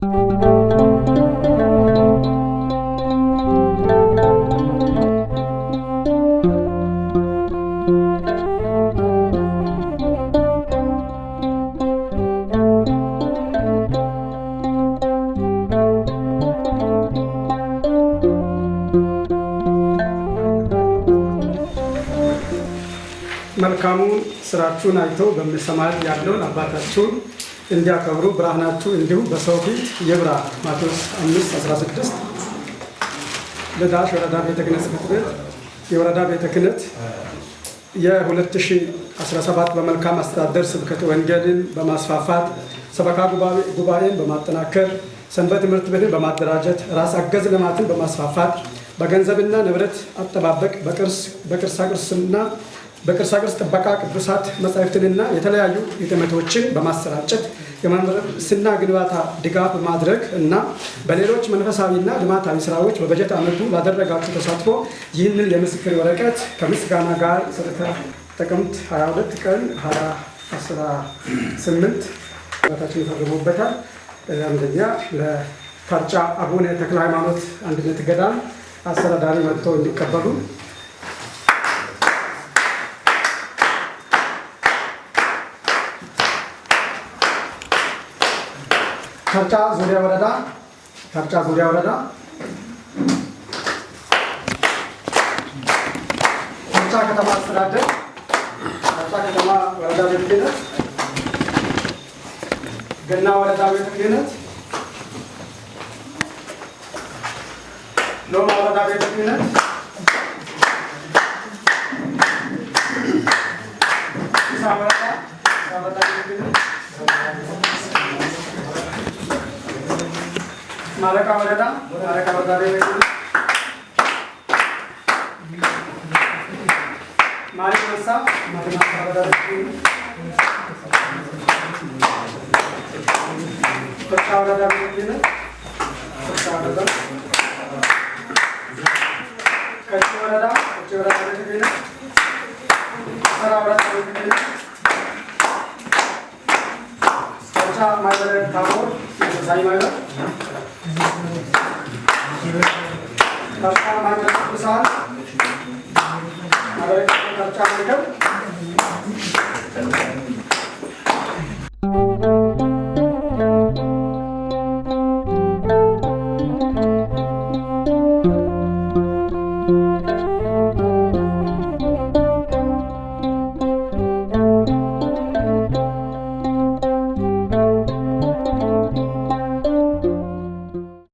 መልካሙን ስራችሁን አይተው በመሰማት ያለውን አባታችሁን እንዲያከብሩ ብርሃናችሁ እንዲሁ በሰው ፊት ይብራ። ማቴዎስ 5 16 ለዳሽ ወረዳ ቤተ ክህነት ጽሕፈት ቤት የወረዳ ቤተ ክህነት የ2017 በመልካም አስተዳደር ስብከት ወንጌልን በማስፋፋት ሰበካ ጉባኤን በማጠናከር ሰንበት ትምህርት ቤትን በማደራጀት ራስ አገዝ ልማትን በማስፋፋት በገንዘብና ንብረት አጠባበቅ በቅርሳቅርስና በቅርሳቅርስ ጥበቃ ቅዱሳት መጻሕፍትንና የተለያዩ ህትመቶችን በማሰራጨት የመንበስና ግንባታ ድጋፍ በማድረግ እና በሌሎች መንፈሳዊና ልማታዊ ስራዎች በበጀት ዓመቱ ላደረጋችሁ ተሳትፎ ይህንን የምስክር ወረቀት ከምስጋና ጋር ሰጥታ ጥቅምት 22 ቀን 2018 ታችን ይፈርሙበታል። አንደኛ ለታርጫ አቡነ ተክለ ሃይማኖት አንድነት ገዳም አስተዳዳሪ መጥተው እንዲቀበሉ ከርጫ ዙሪያ ወረዳ ከርጫ ዙሪያ ወረዳ ከርጫ ከተማ አስተዳደር ከርጫ ከተማ ወረዳ ቤተ ክህነት ገና ወረዳ ቤተ ክህነት ሎማ ወረዳ ቤተ ክህነት ሳወረዳ Maraka Marada, Maraka Marada. Mari Masa, Mari Masa Marada. Pertama ada begini, pertama ada. Kacau ada, kacau ada begini. Sarabada begini. Kacau Marada Thakur, ቅዱሳን